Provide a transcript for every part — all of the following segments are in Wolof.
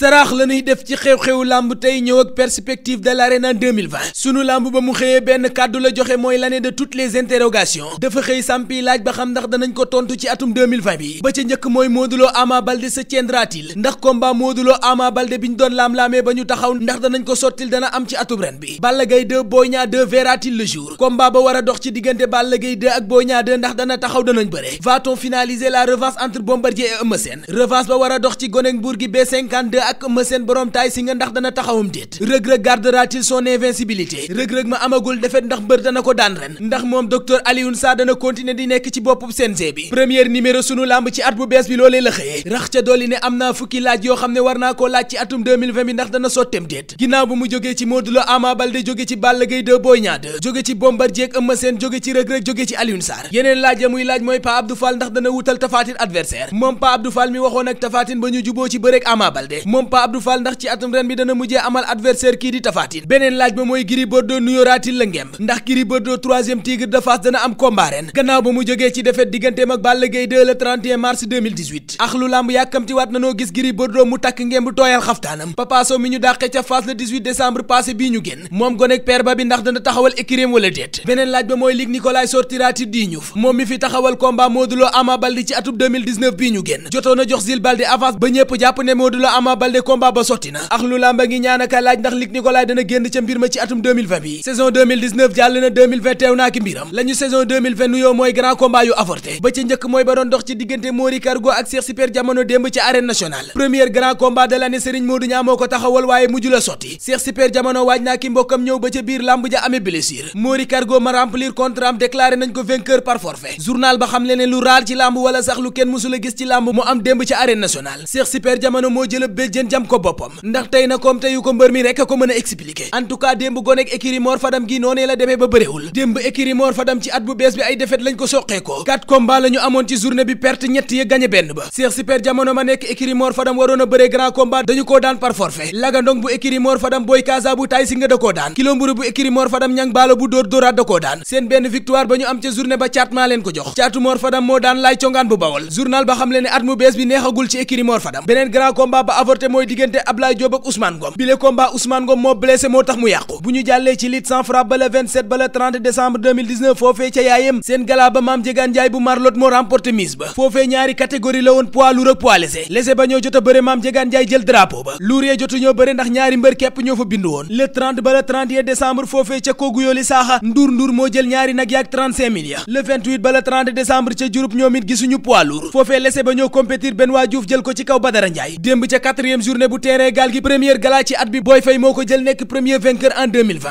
saraax la ñuy def ci xew-xewu lamb tey ñëw ak perspective de l'arène en 2020 sunu lamb ba mu xëyee benn kàddu la joxe mooy l'année de toutes les interrogations dafa xëy sampi laaj ba xam ndax danañ ko tontu ci atum 2020 bi ba ca njëkk mooy Modou Lo Ama Baldé se tiendra-t-il ndax combat Modou Lo Ama bi ñu doon laam-laamee ba ñu taxaw ndax danañ ko sottil dana am ci atum ren bi Balla Gaye 2 Boy Niang 2 verra le jour combat ba war a dox ci diggante Balla Gaye 2 ak Boy Niang ndax dana taxaw danañ bëre va-t-on la revanche entre Bombardier et Eumeu war a ci Goneg Mbour gi b ak Eumeu Sène borom taay si nga ndax dana taxawam déet rëg-rëg gardera-t-il son invincibilité rëg-rëg ma amagul defet ndax mbër dana ko daan ren ndax moom docteur Alioune Sarr dana continuer di nekk ci boppub CNG bi premier numéro sunu làmb ci at bu bees bi loole la xëyee rax ca dolli ne am naa fukki laaj yoo xam ne war naa ko laaj ci atum 2020 bi ndax dana sottem déet ginnaaw bu mu jógee ci Modou Lo Ama Baldé jóge ci Balla Gaye 2 Boy Niang jóge ci Bombardier ak Eumeu Sène jóge ci rëg jóge ci Alioune Sarr yeneen laaj muy laaj mooy Pa Abdou dana wutal Tapha Tine adversaire moom Pa Abdou Fall mi waxoon ak ba ñu juboo ci bëreek Ama moom Pa Abdou Fall ndax ci atum ren bi dana mujjee amal adversaire kii di Tapha beneen laaj ba mooy Gris Bordeaux nuyóoraatil la ngemb ndax Gris Bordeaux troisième tigre de Fass dana am combat ren gannaaw ba mu jógee ci defet digganteem ak Balla Gaye 2 le 31 mars 2018 làmb yàkkamtiwaat nanoo gis Gris Bordeaux mu takk ngemb tooyal xaftaanam Papa mi ñu dàqee ca Fass le 18 décembre passé bii ñu génn moom gonek père ba bi ndax dana taxawal Baldé combat ba sotti na ak lu làmba ngi ñaan laaj ndax Luc Nicolaï dana génn ca mbir ma ci atum bi saison jàll na teew naa ki mbiram la saison nuyoo mooy grand combat yu avorté ba ca njëkk mooy ba doon dox ci diggante Mori Cargo ak Cheikh Super Jamono démb ci arène grand combat de l'année Serigne Modou Niang moo ko taxawal waaye mujj la sotti Cheikh Super Jamono waaj naa ki mbokkam ñëw ba ca biir làmb ja amee blessure Mori Cargo ma remplir contrat jën jam ko boppam ndax tey na koom teyu ko mbër mi rek ko mën a expliquer en tout démb gonek écurie Mor Fadam gi noonee la demee ba bëréewul démb écurie Mor Fadam ci at bu benn ba Cheikh ma nekk écurie Mor Fadam waroon a bëree grand combat dañu koo daan par forfait lagandong bu écurie Mor Fadam Boy Kaza bu tay si nga da koo daan kilo mburu bu écurie Mor Fadam ñang baalo bu dóor dóoraat da koo daan seen benn victoire ba ñu am ca journée ba caat maa leen te mooy diggante Ablaye Diop ak Ousmane Ngom bile combat Ousmane Ngom moo blessé moo tax mu yàqu bu ñu jàllee ci lit sans frappe ba le 27 ba le 30 décembre 2019 foofee ca yaayam seen galaa maam jegaan njaay bu marlot moo remporté mise ba foofee ñaari catégorie la woon poids lourd ak poids léger ba ñoo jot a bëre maam jegaan njaay jël drapeau ba lourd yee jotu ñoo bëre ndax ñaari mbër képp ñoo fa bindu woon le 30 ba le 31 décembre foofee ca Koguyooli saaxa nduur nduur moo jël ñaari ñoom it gisuñu poids lourd ko ci kaw Badara quatrième première gala ci at bi Boy Faye moo ko jël nekk premier vainqueur en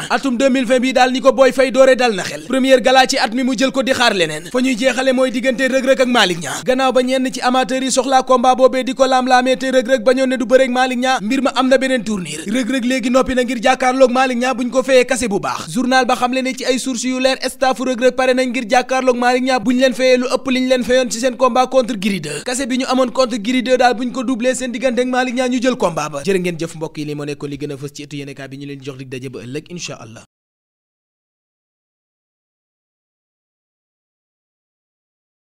atum bi daal ni ko Boy Faye doore dal na xel première gala ci at mi mu jël ko di xaar leneen fa ñuy jeexale mooy diggante rëg-rëg ak Malick gannaaw ba ñenn ci amateurs yi soxlaa combat boobee di ko laam-laamee te rëg-rëg bañoon ne du bëreeg Malick mbir ma am na beneen tournure rëg-rëg léegi noppi na ngir jàkkaarloog Malick Niang buñ ko feyee kase bu baax journal ba xamle leen ñu jël combat ba jërë ngeen jëf mbokk yi li moo nekkoon li gën a fës ci ëttu yéenekaay bi ñu leen jox dig daje ba ëllëg incha allah